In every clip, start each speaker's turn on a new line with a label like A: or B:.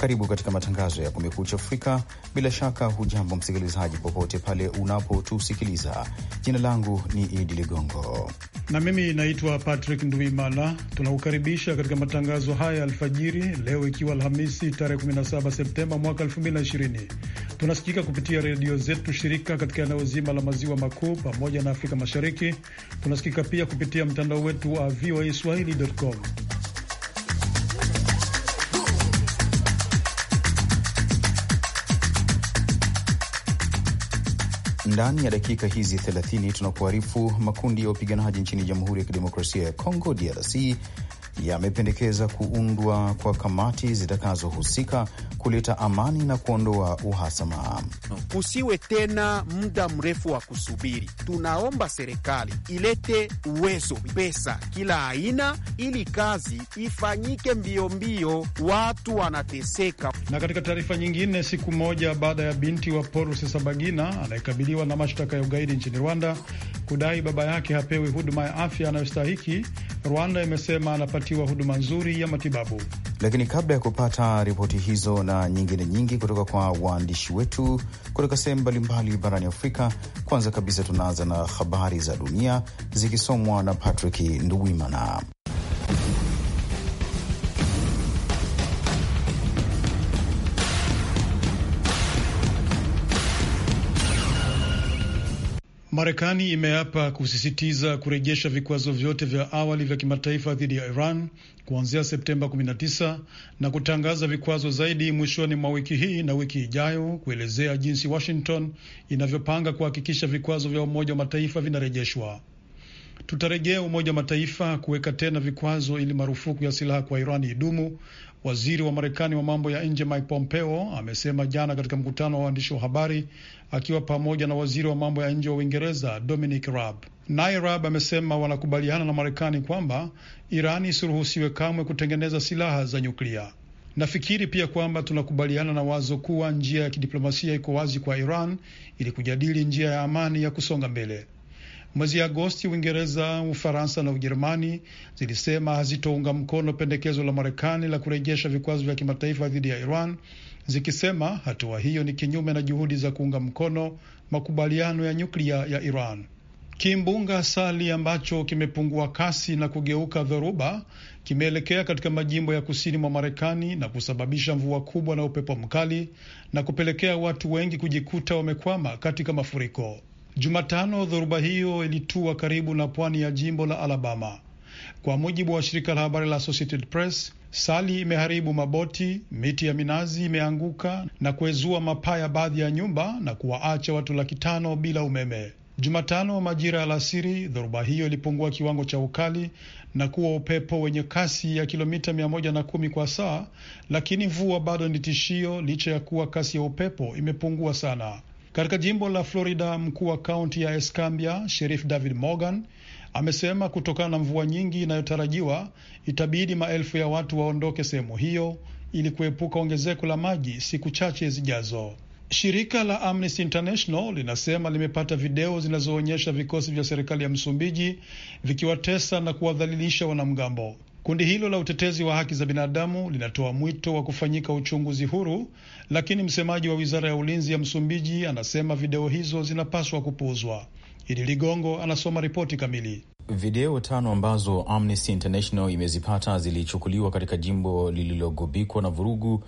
A: Karibu katika matangazo ya Kumekucha Afrika. Bila shaka, hujambo msikilizaji, popote pale unapotusikiliza. Jina langu ni Idi Ligongo
B: na mimi naitwa Patrick Nduimana. Tunakukaribisha katika matangazo haya ya alfajiri leo, ikiwa Alhamisi tarehe 17 Septemba mwaka 2020. Tunasikika kupitia redio zetu shirika katika eneo zima la maziwa makuu pamoja na Afrika Mashariki. Tunasikika pia kupitia mtandao wetu wa voa swahili.com.
A: Ndani ya dakika hizi 30 tunakuarifu makundi ya wapiganaji nchini Jamhuri ya Kidemokrasia ya Kongo, DRC, yamependekeza kuundwa kwa kamati zitakazohusika kuleta amani na kuondoa uhasama.
C: Kusiwe tena muda mrefu wa kusubiri. Tunaomba serikali ilete uwezo, pesa kila aina, ili kazi ifanyike mbio mbio, watu wanateseka.
B: Na katika taarifa nyingine, siku moja baada ya binti wa Paul Rusesabagina anayekabiliwa na mashtaka ya ugaidi nchini Rwanda kudai baba yake hapewi huduma ya afya anayostahiki. Rwanda imesema anapatiwa huduma nzuri ya matibabu.
A: Lakini kabla ya kupata ripoti hizo na nyingine nyingi kutoka kwa waandishi wetu kutoka sehemu mbalimbali barani Afrika, kwanza kabisa tunaanza na habari za dunia zikisomwa na Patrick Nduwimana.
B: Marekani imeapa kusisitiza kurejesha vikwazo vyote vya awali vya kimataifa dhidi ya Iran kuanzia Septemba 19 na kutangaza vikwazo zaidi mwishoni mwa wiki hii na wiki ijayo kuelezea jinsi Washington inavyopanga kuhakikisha vikwazo vya Umoja wa Mataifa vinarejeshwa. Tutarejea Umoja wa Mataifa kuweka tena vikwazo ili marufuku ya silaha kwa Irani idumu, Waziri wa Marekani wa mambo ya nje Mike Pompeo amesema jana katika mkutano wa waandishi wa habari akiwa pamoja na waziri wa mambo ya nje wa Uingereza Dominic Raab. Naye Raab amesema wanakubaliana na Marekani kwamba Irani isiruhusiwe kamwe kutengeneza silaha za nyuklia. Nafikiri pia kwamba tunakubaliana na wazo kuwa njia ya kidiplomasia iko wazi kwa Iran ili kujadili njia ya amani ya kusonga mbele. Mwezi Agosti, Uingereza, Ufaransa na Ujerumani zilisema hazitounga mkono pendekezo la Marekani la kurejesha vikwazo vya kimataifa dhidi ya Iran, zikisema hatua hiyo ni kinyume na juhudi za kuunga mkono makubaliano ya nyuklia ya Iran. Kimbunga Asali ambacho kimepungua kasi na kugeuka dhoruba kimeelekea katika majimbo ya kusini mwa Marekani na kusababisha mvua kubwa na upepo mkali na kupelekea watu wengi kujikuta wamekwama katika mafuriko. Jumatano dhoruba hiyo ilitua karibu na pwani ya jimbo la Alabama. Kwa mujibu wa shirika la habari la Associated Press, Sali imeharibu maboti, miti ya minazi imeanguka na kuezua mapaa ya baadhi ya nyumba na kuwaacha watu laki tano bila umeme. Jumatano majira ya alasiri, dhoruba hiyo ilipungua kiwango cha ukali na kuwa upepo wenye kasi ya kilomita mia moja na kumi kwa saa, lakini mvua bado ni tishio licha ya kuwa kasi ya upepo imepungua sana. Katika jimbo la Florida, mkuu wa kaunti ya Escambia sherif David Morgan amesema kutokana na mvua nyingi inayotarajiwa itabidi maelfu ya watu waondoke sehemu hiyo ili kuepuka ongezeko la maji siku chache zijazo. Shirika la Amnesty International linasema limepata video zinazoonyesha vikosi vya serikali ya Msumbiji vikiwatesa na kuwadhalilisha wanamgambo. Kundi hilo la utetezi wa haki za binadamu linatoa mwito wa kufanyika uchunguzi huru, lakini msemaji wa wizara ya ulinzi ya Msumbiji anasema video hizo zinapaswa kupuuzwa. Idi Ligongo anasoma ripoti kamili. Video
A: tano ambazo Amnesty International imezipata zilichukuliwa katika jimbo lililogubikwa na vurugu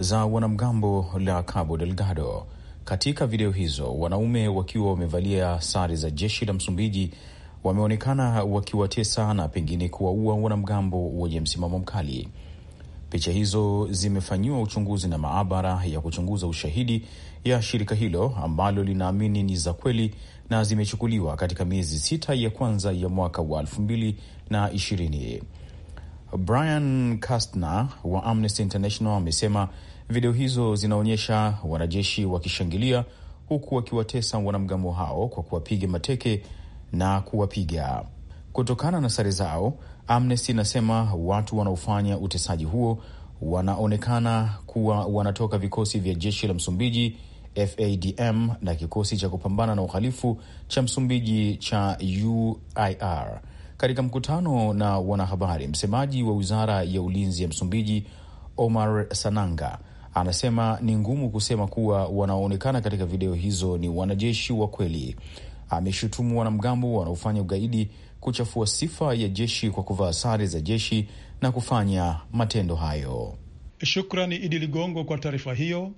A: za wanamgambo la Cabo Delgado. Katika video hizo wanaume wakiwa wamevalia sare za jeshi la Msumbiji wameonekana wakiwatesa na pengine kuwaua wanamgambo wenye msimamo mkali. Picha hizo zimefanyiwa uchunguzi na maabara ya kuchunguza ushahidi ya shirika hilo ambalo linaamini ni za kweli na zimechukuliwa katika miezi sita ya kwanza ya mwaka wa elfu mbili na ishirini. Brian Kastner wa Amnesty International amesema video hizo zinaonyesha wanajeshi wakishangilia huku wakiwatesa wanamgambo hao kwa kuwapiga mateke na kuwapiga. Kutokana na sare zao, Amnesty inasema watu wanaofanya utesaji huo wanaonekana kuwa wanatoka vikosi vya jeshi la Msumbiji FADM na kikosi cha kupambana na uhalifu cha Msumbiji cha UIR. Katika mkutano na wanahabari, msemaji wa wizara ya ulinzi ya Msumbiji Omar Sananga anasema ni ngumu kusema kuwa wanaoonekana katika video hizo ni wanajeshi wa kweli ameshutumu wanamgambo wanaofanya ugaidi kuchafua sifa ya jeshi kwa kuvaa sare za jeshi na kufanya matendo hayo.
B: Shukrani Idi Ligongo kwa taarifa hiyo.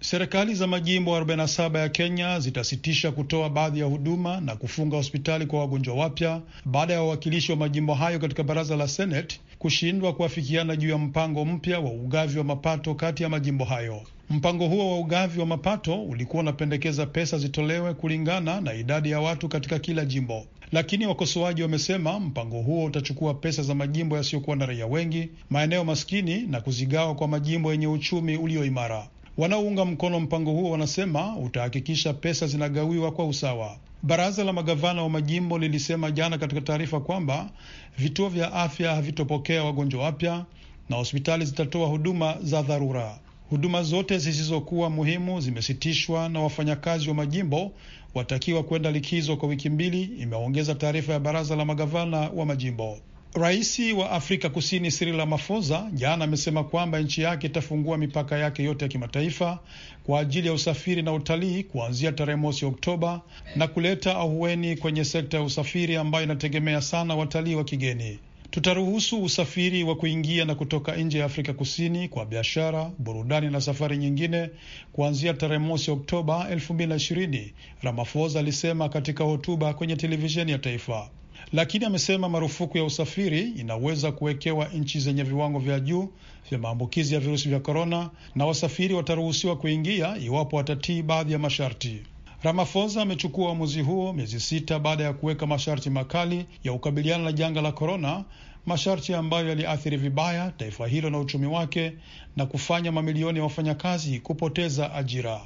B: Serikali za majimbo 47 ya Kenya zitasitisha kutoa baadhi ya huduma na kufunga hospitali kwa wagonjwa wapya baada ya wawakilishi wa majimbo hayo katika baraza la Seneti kushindwa kuafikiana juu ya mpango mpya wa ugavi wa mapato kati ya majimbo hayo. Mpango huo wa ugavi wa mapato ulikuwa unapendekeza pesa zitolewe kulingana na idadi ya watu katika kila jimbo, lakini wakosoaji wamesema mpango huo utachukua pesa za majimbo yasiyokuwa na raia wengi, maeneo maskini, na kuzigawa kwa majimbo yenye uchumi ulio imara. Wanaounga mkono mpango huo wanasema utahakikisha pesa zinagawiwa kwa usawa. Baraza la magavana wa majimbo lilisema jana katika taarifa kwamba vituo vya afya havitopokea wagonjwa wapya na hospitali zitatoa huduma za dharura. Huduma zote zisizokuwa muhimu zimesitishwa na wafanyakazi wa majimbo watakiwa kwenda likizo kwa wiki mbili, imeongeza taarifa ya baraza la magavana wa majimbo. Raisi wa Afrika Kusini Cyril Ramaphosa jana amesema kwamba nchi yake itafungua mipaka yake yote ya kimataifa kwa ajili ya usafiri na utalii kuanzia tarehe mosi Oktoba na kuleta ahueni kwenye sekta ya usafiri ambayo inategemea sana watalii wa kigeni. Tutaruhusu usafiri wa kuingia na kutoka nje ya Afrika Kusini kwa biashara, burudani na safari nyingine kuanzia tarehe mosi Oktoba elfu mbili alisema katika hotuba kwenye televisheni ya taifa. Lakini amesema marufuku ya usafiri inaweza kuwekewa nchi zenye viwango vya juu vya maambukizi ya virusi vya korona, na wasafiri wataruhusiwa kuingia iwapo watatii baadhi ya masharti. Ramaphosa amechukua uamuzi huo miezi sita baada ya kuweka masharti makali ya kukabiliana na janga la korona, masharti ambayo yaliathiri vibaya taifa hilo na uchumi wake na kufanya mamilioni ya wafanyakazi kupoteza ajira.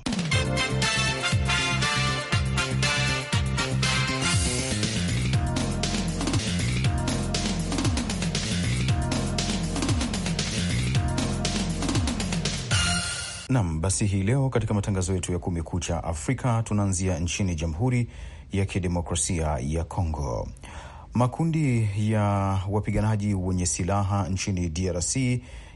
A: Nam, basi hii leo katika matangazo yetu ya Kumekucha Afrika tunaanzia nchini Jamhuri ya Kidemokrasia ya Kongo. Makundi ya wapiganaji wenye silaha nchini DRC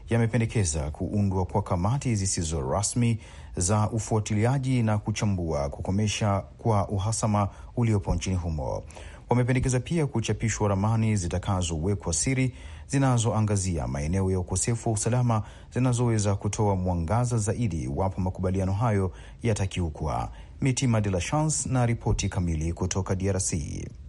A: yamependekeza kuundwa kwa kamati zisizo rasmi za ufuatiliaji na kuchambua kukomesha kwa uhasama uliopo nchini humo. Wamependekeza pia kuchapishwa ramani zitakazowekwa siri zinazoangazia maeneo ya ukosefu wa usalama zinazoweza kutoa mwangaza zaidi iwapo makubaliano hayo yatakiukwa. Mitima de la Chance na ripoti kamili kutoka DRC.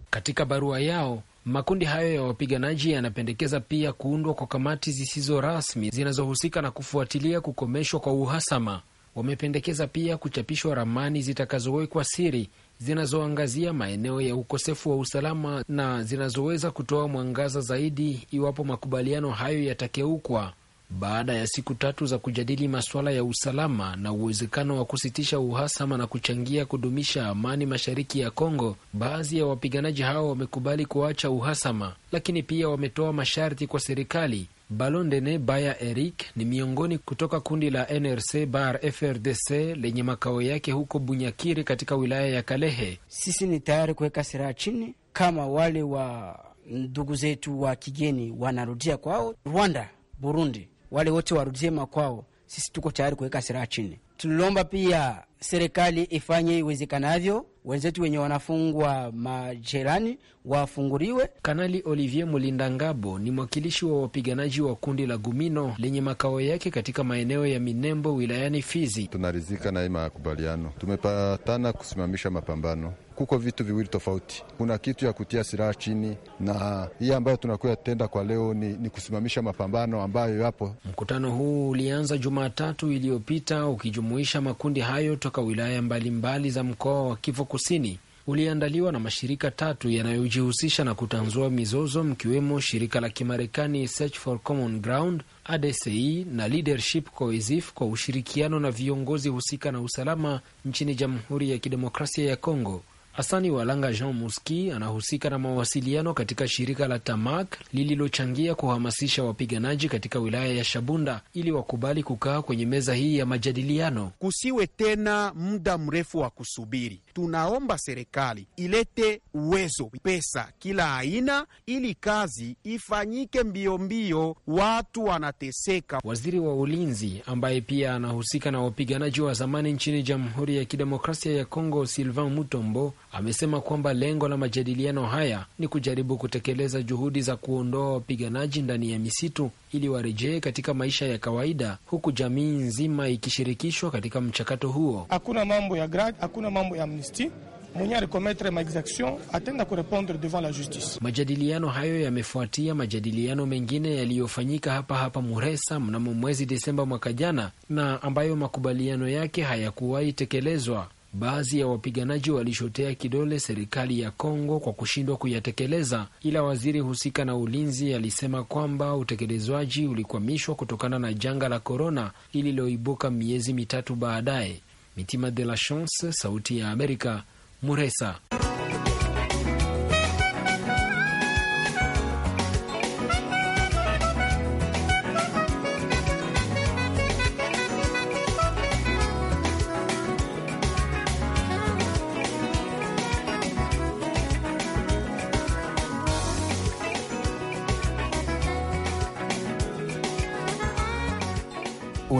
C: Katika barua yao makundi hayo ya wapiganaji yanapendekeza pia kuundwa kwa kamati zisizo rasmi zinazohusika na kufuatilia kukomeshwa kwa uhasama. Wamependekeza pia kuchapishwa ramani zitakazowekwa siri zinazoangazia maeneo ya ukosefu wa usalama na zinazoweza kutoa mwangaza zaidi iwapo makubaliano hayo yatakeukwa baada ya siku tatu za kujadili masuala ya usalama na uwezekano wa kusitisha uhasama na kuchangia kudumisha amani mashariki ya Kongo, baadhi ya wapiganaji hao wamekubali kuacha uhasama, lakini pia wametoa masharti kwa serikali. Balondene Baya Eric ni miongoni kutoka kundi la NRC Bar FRDC lenye makao yake huko Bunyakiri katika wilaya ya Kalehe. Sisi ni tayari kuweka silaha chini kama wale wa ndugu zetu wa kigeni wanarudia kwao Rwanda, Burundi wale wote warudie makwao. Sisi tuko tayari kuweka silaha chini. Tuliomba pia serikali ifanye iwezekanavyo, wenzetu wenye wanafungwa majerani wafunguliwe. Kanali Olivier Mulindangabo ni mwakilishi wa wapiganaji wa kundi la Gumino lenye makao yake katika maeneo ya Minembo wilayani Fizi.
D: Tunaridhika na hii makubaliano, tumepatana kusimamisha mapambano.
C: Kuko
B: vitu viwili tofauti, kuna kitu ya kutia silaha chini na hii ambayo tunakuya tenda kwa leo ni, ni kusimamisha mapambano ambayo yapo.
C: Mkutano huu ulianza Jumatatu iliyopita ukijumuisha makundi hayo toka wilaya mbalimbali mbali za mkoa wa Kivu Kusini uliandaliwa na mashirika tatu yanayojihusisha na kutanzua mizozo mkiwemo shirika la Kimarekani Search for Common Ground, ADCI e, na Leadership Cohesive kwa ushirikiano na viongozi husika na usalama nchini Jamhuri ya Kidemokrasia ya Kongo. Asani Walanga Jean Muski anahusika na mawasiliano katika shirika la Tamak lililochangia kuhamasisha wapiganaji katika wilaya ya Shabunda ili wakubali kukaa kwenye meza hii ya majadiliano. Kusiwe tena muda mrefu wa kusubiri. Tunaomba serikali ilete uwezo, pesa kila aina, ili kazi ifanyike mbio mbio, watu wanateseka. Waziri wa ulinzi ambaye pia anahusika na wapiganaji wa zamani nchini Jamhuri ya Kidemokrasia ya Kongo, Sylvain Mutombo amesema kwamba lengo la majadiliano haya ni kujaribu kutekeleza juhudi za kuondoa wapiganaji ndani ya misitu ili warejee katika maisha ya kawaida, huku jamii nzima ikishirikishwa katika mchakato huo. Hakuna mambo ya grad, hakuna mambo ya amnisti mwenye alikometre
E: maexaction atenda kurepondre devant la justice.
C: Majadiliano hayo yamefuatia majadiliano mengine yaliyofanyika hapa hapa Muresa mnamo mwezi Desemba mwaka jana na ambayo makubaliano yake hayakuwahi tekelezwa. Baadhi ya wapiganaji walishotea kidole serikali ya Kongo kwa kushindwa kuyatekeleza, ila waziri husika na ulinzi alisema kwamba utekelezwaji ulikwamishwa kutokana na janga la korona lililoibuka miezi mitatu baadaye. Mitima de la Chance, Sauti ya Amerika, Muresa.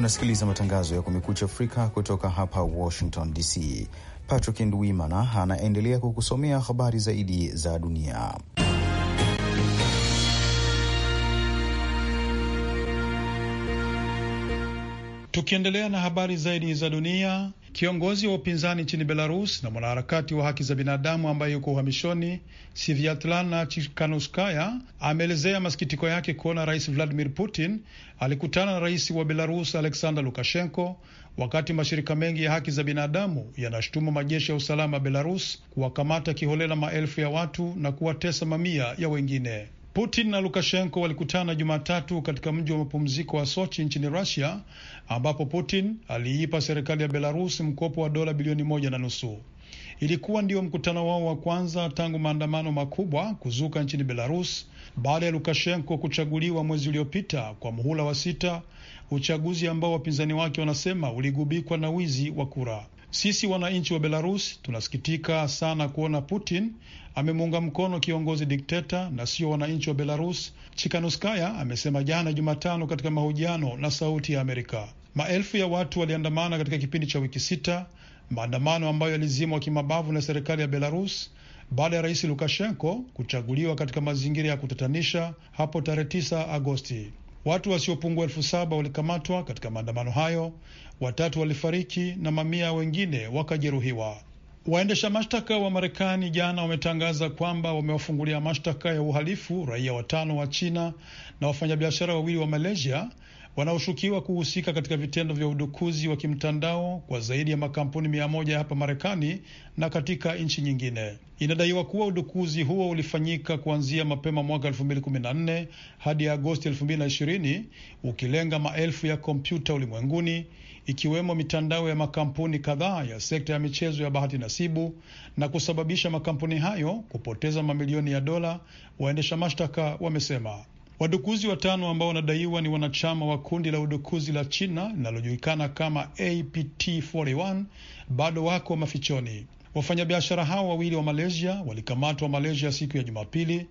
A: Unasikiliza matangazo ya Kumekucha Afrika kutoka hapa Washington DC. Patrick Ndwimana anaendelea kukusomea habari zaidi za dunia.
B: Tukiendelea na habari zaidi za dunia, Kiongozi wa upinzani nchini Belarus na mwanaharakati wa haki za binadamu ambaye yuko uhamishoni Sviatlana Chikanuskaya ameelezea masikitiko yake kuona Rais Vladimir Putin alikutana na rais wa Belarus Alexander Lukashenko wakati mashirika mengi ya haki za binadamu yanashutumu majeshi ya usalama Belarus kuwakamata kiholela maelfu ya watu na kuwatesa mamia ya wengine. Putin na Lukashenko walikutana Jumatatu katika mji wa mapumziko wa Sochi nchini Rusia, ambapo Putin aliipa serikali ya Belarus mkopo wa dola bilioni moja na nusu. Ilikuwa ndio mkutano wao wa kwanza tangu maandamano makubwa kuzuka nchini Belarus baada ya Lukashenko kuchaguliwa mwezi uliopita kwa muhula wa sita, uchaguzi ambao wapinzani wake wanasema uligubikwa na wizi wa kura. Sisi wananchi wa Belarus tunasikitika sana kuona Putin amemuunga mkono kiongozi dikteta na sio wananchi wa Belarus, Chikanuskaya amesema jana Jumatano katika mahojiano na Sauti ya Amerika. Maelfu ya watu waliandamana katika kipindi cha wiki sita, maandamano ambayo yalizimwa kimabavu na serikali ya Belarus baada ya rais Lukashenko kuchaguliwa katika mazingira ya kutatanisha hapo tarehe 9 Agosti. Watu wasiopungua elfu saba walikamatwa katika maandamano hayo, watatu walifariki na mamia wengine wakajeruhiwa. Waendesha mashtaka wa Marekani jana wametangaza kwamba wamewafungulia mashtaka ya uhalifu raia watano wa China na wafanyabiashara wawili wa Malaysia wanaoshukiwa kuhusika katika vitendo vya udukuzi wa kimtandao kwa zaidi ya makampuni mia moja hapa Marekani na katika nchi nyingine. Inadaiwa kuwa udukuzi huo ulifanyika kuanzia mapema mwaka 2014 hadi Agosti 2020 ukilenga maelfu ya kompyuta ulimwenguni ikiwemo mitandao ya makampuni kadhaa ya sekta ya michezo ya bahati nasibu na kusababisha makampuni hayo kupoteza mamilioni ya dola, waendesha mashtaka wamesema. Wadukuzi watano ambao wanadaiwa ni wanachama wa kundi la udukuzi la China linalojulikana kama APT41 bado wako mafichoni. Wafanyabiashara hao wawili wa Malaysia walikamatwa Malaysia siku ya Jumapili.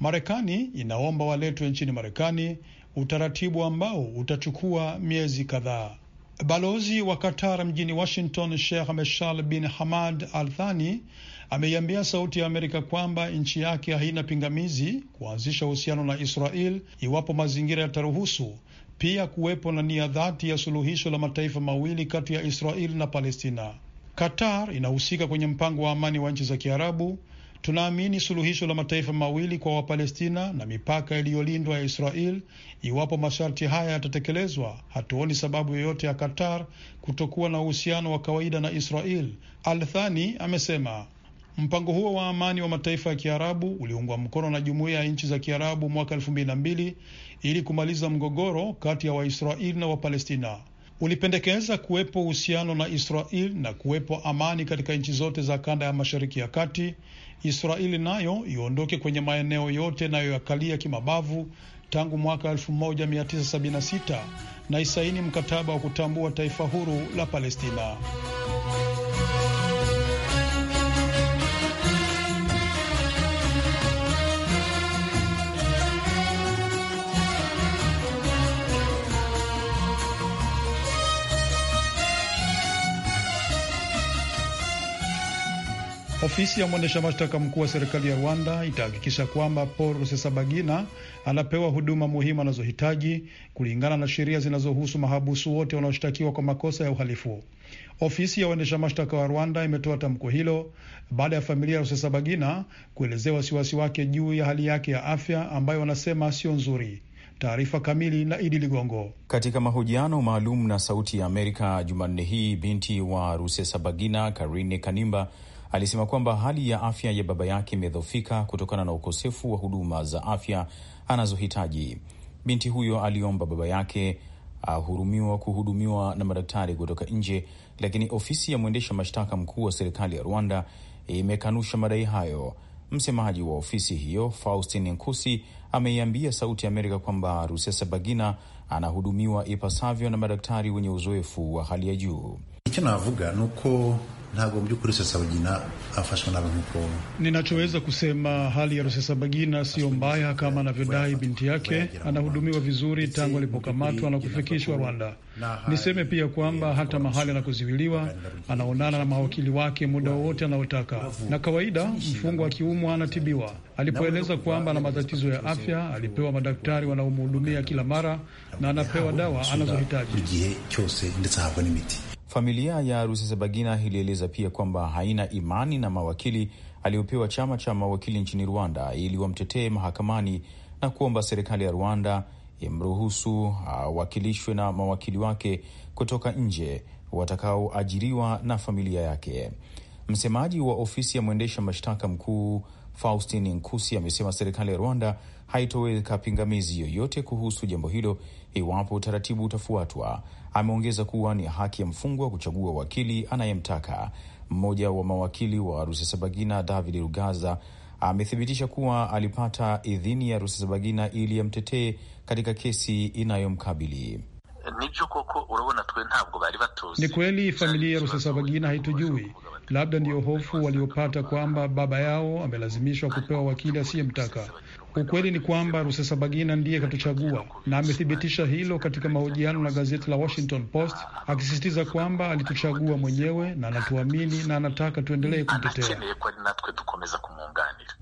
B: Marekani inaomba waletwe nchini Marekani, utaratibu ambao utachukua miezi kadhaa. Balozi wa Qatar mjini Washington, Sheikh Meshal bin Hamad Al Thani ameiambia Sauti ya Amerika kwamba nchi yake haina pingamizi kuanzisha uhusiano na Israel iwapo mazingira yataruhusu, pia kuwepo na nia dhati ya suluhisho la mataifa mawili kati ya Israel na Palestina. Qatar inahusika kwenye mpango wa amani wa nchi za Kiarabu Tunaamini suluhisho la mataifa mawili kwa Wapalestina na mipaka iliyolindwa ya Israel, iwapo masharti haya yatatekelezwa, hatuoni sababu yoyote ya Qatar kutokuwa na uhusiano wa kawaida na Israel, Althani amesema. Mpango huo wa amani wa mataifa ya Kiarabu uliungwa mkono na jumuiya ya nchi za Kiarabu mwaka elfu mbili na mbili ili kumaliza mgogoro kati ya Waisraeli na Wapalestina ulipendekeza kuwepo uhusiano na Israel na kuwepo amani katika nchi zote za kanda ya Mashariki ya Kati. Israeli nayo iondoke kwenye maeneo yote inayoyakalia kimabavu tangu mwaka 1976 na isaini mkataba wa kutambua taifa huru la Palestina. Ofisi ya mwendesha mashtaka mkuu wa serikali ya Rwanda itahakikisha kwamba Paul Rusesabagina anapewa huduma muhimu anazohitaji kulingana na sheria zinazohusu mahabusu wote wanaoshtakiwa kwa makosa ya uhalifu. Ofisi ya waendesha mashtaka wa Rwanda imetoa tamko hilo baada ya familia ya Rusesabagina kuelezea wasiwasi wake juu ya hali yake ya afya ambayo wanasema sio nzuri. Taarifa kamili na Idi Ligongo.
A: Katika mahojiano maalum na Sauti ya Amerika Jumanne hii, binti wa Rusesabagina Karine Kanimba alisema kwamba hali ya afya ya baba yake imedhofika kutokana na ukosefu wa huduma za afya anazohitaji. Binti huyo aliomba baba yake ahurumiwa uh, kuhudumiwa na madaktari kutoka nje, lakini ofisi ya mwendesha mashtaka mkuu wa serikali ya Rwanda imekanusha madai hayo. Msemaji wa ofisi hiyo Faustin Nkusi ameiambia Sauti ya Amerika kwamba Rusesabagina anahudumiwa ipasavyo na madaktari wenye uzoefu wa hali ya juu. icyo navuga nuko ntabwo mu by'ukuri rusesabagina afashwe n'abantu kuntu.
B: Ninachoweza kusema hali ya Rusesabagina siyo mbaya kama anavyodai binti yake. Anahudumiwa vizuri tangu alipokamatwa na kufikishwa Rwanda. Niseme pia kwamba hata mahali anakuziwiliwa anaonana na mawakili wake muda wowote anaotaka, na kawaida mfungwa akiumwa anatibiwa. Alipoeleza kwamba ana matatizo ya afya, alipewa madaktari wanaomhudumia kila mara na anapewa dawa anazohitaji.
A: Familia ya Rusesabagina ilieleza pia kwamba haina imani na mawakili aliyopewa chama cha mawakili nchini Rwanda ili wamtetee mahakamani na kuomba serikali ya Rwanda imruhusu awakilishwe na mawakili wake kutoka nje watakaoajiriwa na familia yake. Msemaji wa ofisi ya mwendesha mashtaka mkuu Faustin Nkusi amesema serikali ya Rwanda haitoweka pingamizi yoyote kuhusu jambo hilo iwapo utaratibu utafuatwa. Ameongeza kuwa ni haki ya mfungwa kuchagua wakili anayemtaka. Mmoja wa mawakili wa Rusesabagina, David Rugaza, amethibitisha kuwa alipata idhini ya Rusesabagina ili yamtetee katika kesi inayomkabili.
B: Ni kweli familia ya Rusesabagina haitujui, labda ndiyo hofu waliopata kwamba baba yao amelazimishwa kupewa wakili asiyemtaka. Ukweli ni kwamba Rusesabagina ndiye katuchagua na amethibitisha hilo katika mahojiano na gazeti la Washington Post, akisisitiza kwamba alituchagua mwenyewe na anatuamini na anataka tuendelee kumtetea.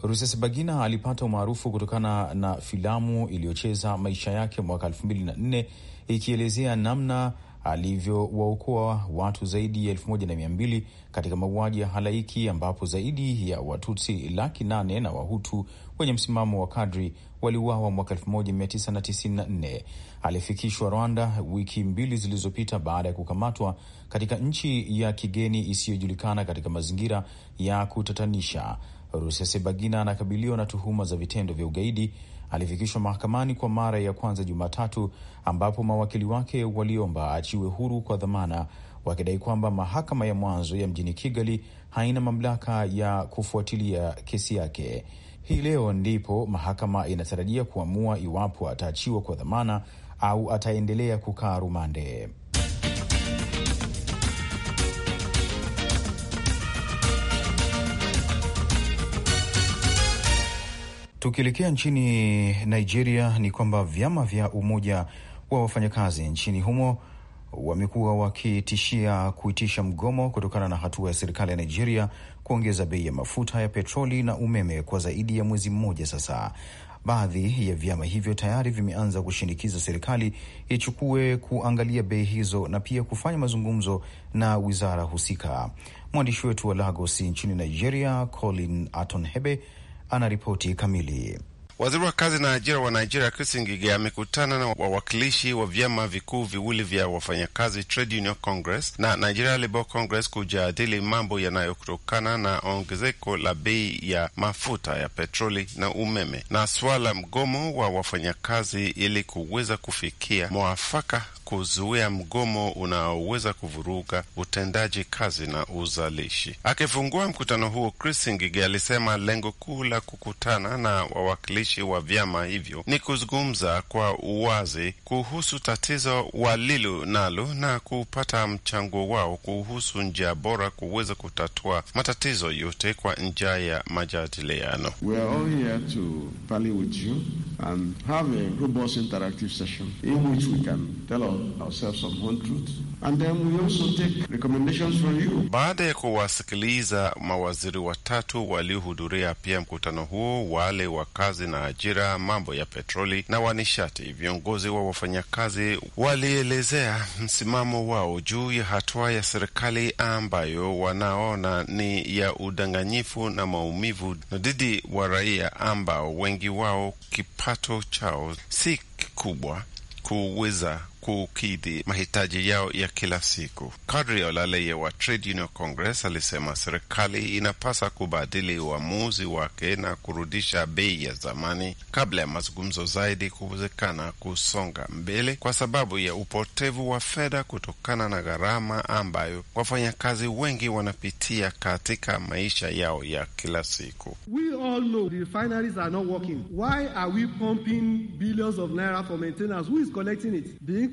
A: Rusesabagina alipata umaarufu kutokana na filamu iliyocheza maisha yake mwaka elfu mbili na nne ikielezea namna alivyowaokoa watu zaidi ya elfu moja na mia mbili katika mauaji ya halaiki ambapo zaidi ya Watutsi laki nane na Wahutu wenye msimamo wa kadri waliuawa mwaka 1994. Alifikishwa Rwanda wiki mbili zilizopita baada ya kukamatwa katika nchi ya kigeni isiyojulikana katika mazingira ya kutatanisha. rusesebagina anakabiliwa na tuhuma za vitendo vya ugaidi alifikishwa mahakamani kwa mara ya kwanza Jumatatu, ambapo mawakili wake waliomba achiwe huru kwa dhamana, wakidai kwamba mahakama ya mwanzo ya mjini Kigali haina mamlaka ya kufuatilia kesi yake. Hii leo ndipo mahakama inatarajia kuamua iwapo ataachiwa kwa dhamana au ataendelea kukaa rumande. Tukielekea nchini Nigeria ni kwamba vyama vya umoja wa wafanyakazi nchini humo wamekuwa wakitishia kuitisha mgomo kutokana na hatua ya serikali ya Nigeria kuongeza bei ya mafuta ya petroli na umeme kwa zaidi ya mwezi mmoja sasa. Baadhi ya vyama hivyo tayari vimeanza kushinikiza serikali ichukue kuangalia bei hizo na pia kufanya mazungumzo na wizara husika. Mwandishi wetu wa Lagos nchini Nigeria, Colin Atonhebe anaripoti kamili.
D: Waziri wa kazi na ajira wa Nigeria Chris Ngige amekutana na wawakilishi wa vyama vikuu viwili vya wafanyakazi Trade Union Congress na Nigeria Labour Congress kujadili mambo yanayotokana na ongezeko la bei ya mafuta ya petroli na umeme na suala mgomo wa wafanyakazi ili kuweza kufikia mwafaka kuzuia mgomo unaoweza kuvuruga utendaji kazi na uzalishi. Akifungua mkutano huo, Chris alisema lengo kuu la kukutana na wawakilishi wa vyama hivyo ni kuzungumza kwa uwazi kuhusu tatizo walilo nalo na kupata mchango wao kuhusu njia bora kuweza kutatua matatizo yote kwa njia ya majadiliano ourselves some truth. And then we also take recommendations from you. Baada ya kuwasikiliza mawaziri watatu waliohudhuria pia mkutano huo, wale wa kazi na ajira, mambo ya petroli na wanishati, viongozi wa wafanyakazi walielezea msimamo wao juu ya hatua ya serikali ambayo wanaona ni ya udanganyifu na maumivu na dhidi wa raia ambao wengi wao kipato chao si kikubwa kuweza kukidhi mahitaji yao ya kila siku. Kadri Olaleye wa Trade Union Congress alisema serikali inapasa kubadili uamuzi wa wake na kurudisha bei ya zamani kabla ya mazungumzo zaidi kuwezekana kusonga mbele kwa sababu ya upotevu wa fedha kutokana na gharama ambayo wafanyakazi wengi wanapitia katika maisha yao ya kila siku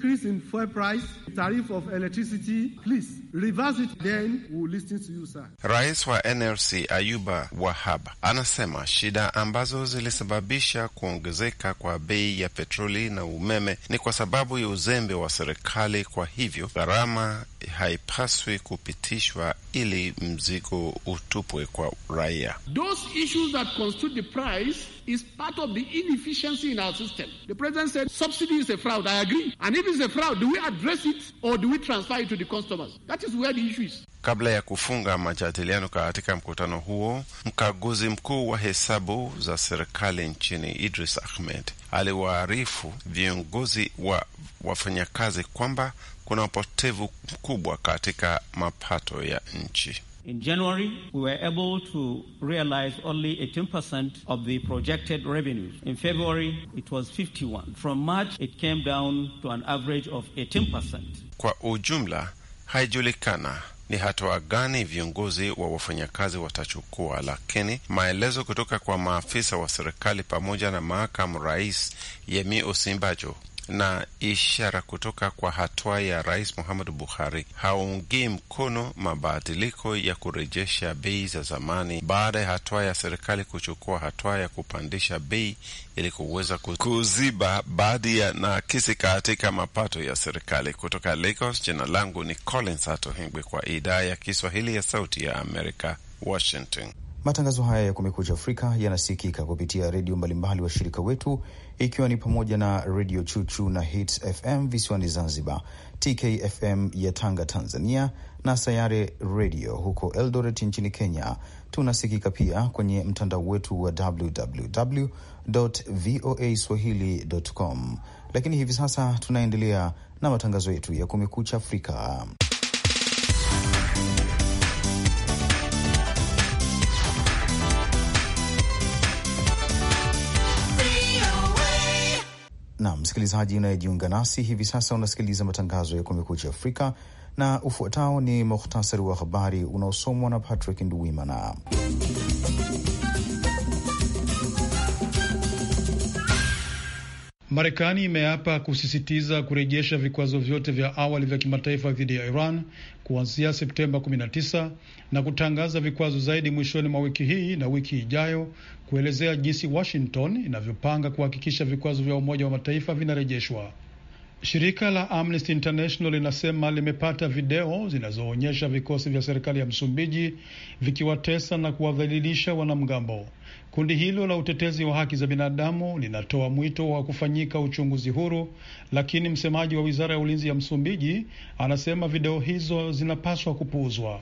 B: increase in fuel price, tariff of electricity, please reverse it, then we will listen to you sir.
D: Rais wa NLC Ayuba Wahab anasema shida ambazo zilisababisha kuongezeka kwa bei ya petroli na umeme ni kwa sababu ya uzembe wa serikali, kwa hivyo gharama haipaswi kupitishwa ili mzigo utupwe kwa raia.
B: Those issues that constitute the price is part of the inefficiency in our system. The president
D: said subsidy is a fraud. I agree. And if it's a fraud, do we address it or do we transfer it to the customers? That is where the issue is. Kabla ya kufunga majadiliano katika mkutano huo, mkaguzi mkuu wa hesabu za serikali nchini Idris Ahmed aliwaarifu viongozi wa wafanyakazi kwamba kuna upotevu mkubwa katika mapato ya nchi.
A: In January, we were able to realize only 18% of the projected revenues. In February, it was 51. From March, it came down to an average of 18%.
D: Kwa ujumla, haijulikana ni hatua gani viongozi wa wafanyakazi watachukua, lakini maelezo kutoka kwa maafisa wa serikali pamoja na makamu rais Yemi Osinbajo na ishara kutoka kwa hatua ya Rais Muhammadu Buhari haungii mkono mabadiliko ya kurejesha bei za zamani baada ya hatua ya serikali kuchukua hatua ya kupandisha bei ili kuweza kuziba baadhi ya nakisi katika mapato ya serikali. Kutoka Lagos, jina langu ni Collins Atohengwi kwa idhaa ya Kiswahili ya Sauti ya Amerika, Washington.
A: Matangazo haya ya Kumekucha Afrika yanasikika kupitia redio mbalimbali washirika wetu ikiwa ni pamoja na redio Chuchu na Hits FM visiwani Zanzibar, TKFM ya Tanga Tanzania, na Sayare redio huko Eldoret nchini Kenya. Tunasikika pia kwenye mtandao wetu wa www voa swahili.com, lakini hivi sasa tunaendelea na matangazo yetu ya Kumekucha Afrika. msikilizaji unayejiunga nasi hivi sasa, unasikiliza matangazo ya Kumekucha Afrika na ufuatao ni muhtasari wa habari unaosomwa na Patrick Nduwimana.
B: Marekani imeapa kusisitiza kurejesha vikwazo vyote vya awali vya kimataifa dhidi ya Iran kuanzia Septemba 19 na kutangaza vikwazo zaidi mwishoni mwa wiki hii na wiki ijayo, kuelezea jinsi Washington inavyopanga kuhakikisha vikwazo vya Umoja wa Mataifa vinarejeshwa. Shirika la Amnesty International linasema limepata video zinazoonyesha vikosi vya serikali ya Msumbiji vikiwatesa na kuwadhalilisha wanamgambo. Kundi hilo la utetezi wa haki za binadamu linatoa mwito wa kufanyika uchunguzi huru, lakini msemaji wa wizara ya ulinzi ya Msumbiji anasema video hizo zinapaswa kupuuzwa.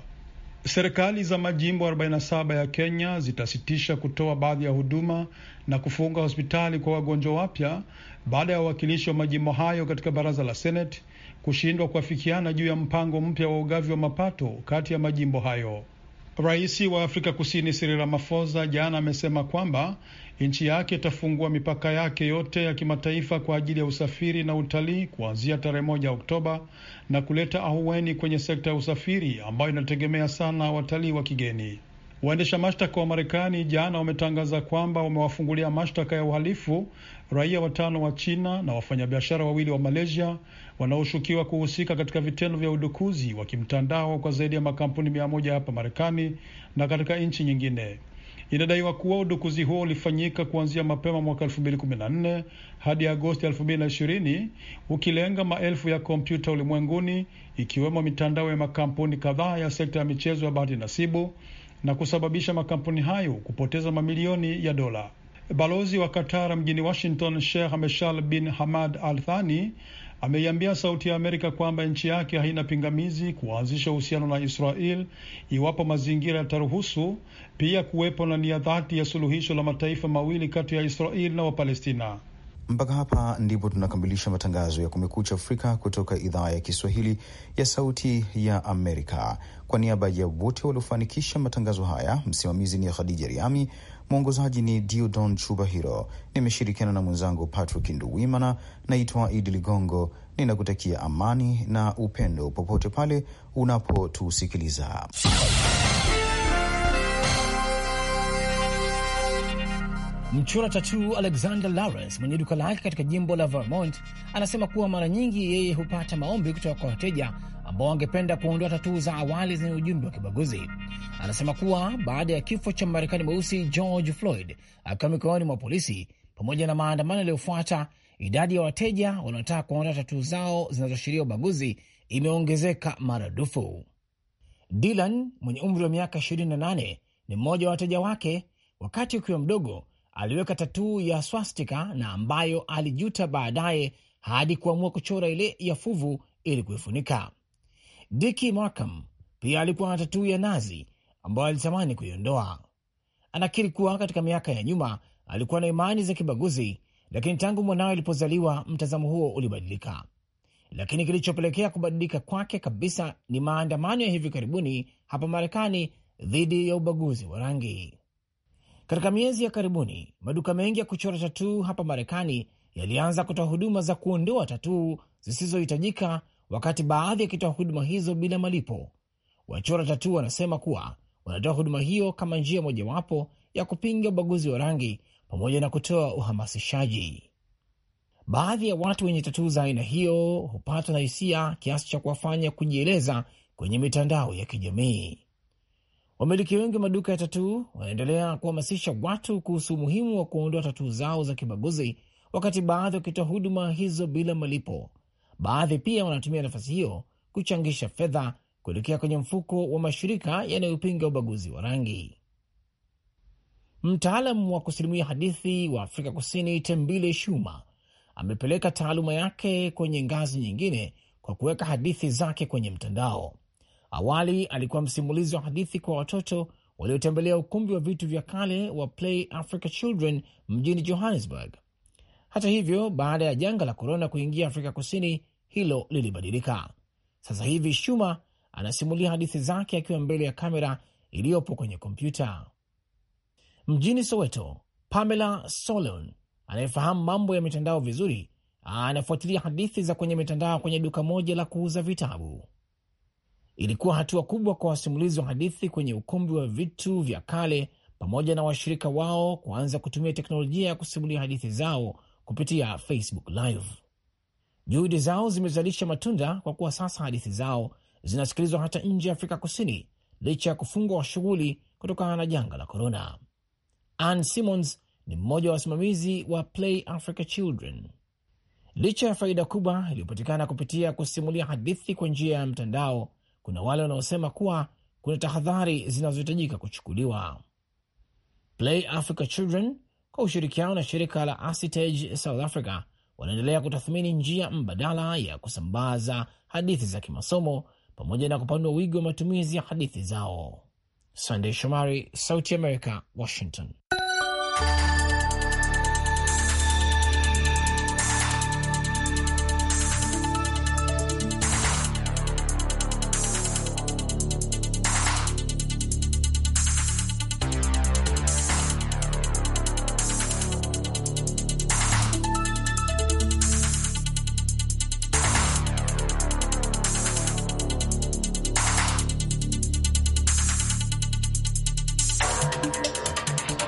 B: Serikali za majimbo 47 ya Kenya zitasitisha kutoa baadhi ya huduma na kufunga hospitali kwa wagonjwa wapya baada ya wawakilishi wa majimbo hayo katika baraza la Seneti kushindwa kuafikiana juu ya mpango mpya wa ugavi wa mapato kati ya majimbo hayo. Rais wa Afrika Kusini Cyril Ramaphosa jana amesema kwamba nchi yake itafungua mipaka yake yote ya kimataifa kwa ajili ya usafiri na utalii kuanzia tarehe moja Oktoba na kuleta ahueni kwenye sekta ya usafiri ambayo inategemea sana watalii wa kigeni. Waendesha mashtaka wa Marekani jana wametangaza kwamba wamewafungulia mashtaka ya uhalifu raia watano wa China na wafanyabiashara wawili wa Malaysia wanaoshukiwa kuhusika katika vitendo vya udukuzi wa kimtandao kwa zaidi ya makampuni mia moja hapa Marekani na katika nchi nyingine. Inadaiwa kuwa udukuzi huo ulifanyika kuanzia mapema mwaka 2014 hadi Agosti 2020 ukilenga maelfu ya kompyuta ulimwenguni ikiwemo mitandao ya makampuni kadhaa ya sekta ya michezo ya bahati nasibu na kusababisha makampuni hayo kupoteza mamilioni ya dola. Balozi wa Qatar mjini Washington, Sheikh Meshal bin Hamad Al Thani ameiambia Sauti ya Amerika kwamba nchi yake haina pingamizi kuanzisha uhusiano na Israel iwapo mazingira yataruhusu, pia kuwepo na nia dhati ya suluhisho la mataifa mawili kati ya Israel na Wapalestina.
A: Mpaka hapa ndipo tunakamilisha matangazo ya Kumekucha Afrika kutoka idhaa ya Kiswahili ya Sauti ya Amerika. Kwa niaba ya wote waliofanikisha matangazo haya, msimamizi ni Khadija Riami, mwongozaji ni Diodon Chubahiro. Nimeshirikiana na mwenzangu Patrick Nduwimana. Naitwa Idi Ligongo, ninakutakia amani na upendo popote pale
E: unapotusikiliza. Mchora tatu Alexander Lawrence mwenye duka lake katika jimbo la Vermont anasema kuwa mara nyingi yeye hupata maombi kutoka kwa wateja ambao wangependa kuondoa tatuu za awali zenye ujumbe wa kibaguzi. Anasema kuwa baada ya kifo cha Marekani mweusi George Floyd akiwa mikononi mwa polisi, pamoja na maandamano yaliyofuata, idadi ya wateja wanaotaka kuondoa tatuu zao zinazoashiria ubaguzi imeongezeka maradufu. Dylan mwenye umri wa miaka 28 ni mmoja wa wateja wake wakati ukiwa mdogo aliweka tatuu ya swastika na ambayo alijuta baadaye hadi kuamua kuchora ile ya fuvu ili kuifunika. Dickie Markham pia alikuwa na tatuu ya nazi ambayo alitamani kuiondoa. Anakiri kuwa katika miaka ya nyuma alikuwa na imani za kibaguzi, lakini tangu mwanawe alipozaliwa mtazamo huo ulibadilika. Lakini kilichopelekea kubadilika kwake kabisa ni maandamano ya hivi karibuni hapa Marekani dhidi ya ubaguzi wa rangi. Katika miezi ya karibuni, maduka mengi ya kuchora tatuu hapa Marekani yalianza kutoa huduma za kuondoa tatuu zisizohitajika, wakati baadhi yakitoa huduma hizo bila malipo. Wachora tatuu wanasema kuwa wanatoa huduma hiyo kama njia mojawapo ya kupinga ubaguzi wa rangi pamoja na kutoa uhamasishaji. Baadhi ya watu wenye tatuu za aina hiyo hupatwa na hisia kiasi cha kuwafanya kujieleza kwenye mitandao ya kijamii. Wamiliki wengi wa maduka ya tatuu wanaendelea kuhamasisha watu kuhusu umuhimu wa kuondoa tatuu zao za kibaguzi, wakati baadhi wakitoa huduma hizo bila malipo. Baadhi pia wanatumia nafasi hiyo kuchangisha fedha kuelekea kwenye mfuko wa mashirika yanayopinga ubaguzi wa rangi. mtaalam wa kusilimia hadithi wa Afrika Kusini Tembile Shuma amepeleka taaluma yake kwenye ngazi nyingine kwa kuweka hadithi zake kwenye mtandao. Awali alikuwa msimulizi wa hadithi kwa watoto waliotembelea ukumbi wa vitu vya kale wa Play Africa Children mjini Johannesburg. Hata hivyo, baada ya janga la korona kuingia Afrika Kusini, hilo lilibadilika. Sasa hivi Shuma anasimulia hadithi zake akiwa mbele ya kamera iliyopo kwenye kompyuta. Mjini Soweto, Pamela Solon anayefahamu mambo ya mitandao vizuri anafuatilia hadithi za kwenye mitandao kwenye duka moja la kuuza vitabu. Ilikuwa hatua kubwa kwa wasimulizi wa hadithi kwenye ukumbi wa vitu vya kale pamoja na washirika wao kuanza kutumia teknolojia ya kusimulia hadithi zao kupitia Facebook Live. Juhudi zao zimezalisha matunda kwa kuwa sasa hadithi zao zinasikilizwa hata nje ya Afrika Kusini licha ya kufungwa kwa shughuli kutokana na janga la korona. Ann Simmons ni mmoja wa wasimamizi wa Play Africa Children. Licha ya faida kubwa iliyopatikana kupitia kusimulia hadithi kwa njia ya mtandao, kuna wale wanaosema kuwa kuna tahadhari zinazohitajika kuchukuliwa. Play Africa Children kwa ushirikiano na shirika la Asitege South Africa wanaendelea kutathmini njia mbadala ya kusambaza hadithi za kimasomo pamoja na kupanua wigo wa matumizi ya hadithi zao. Sandey Shomari, Sauti America, Washington.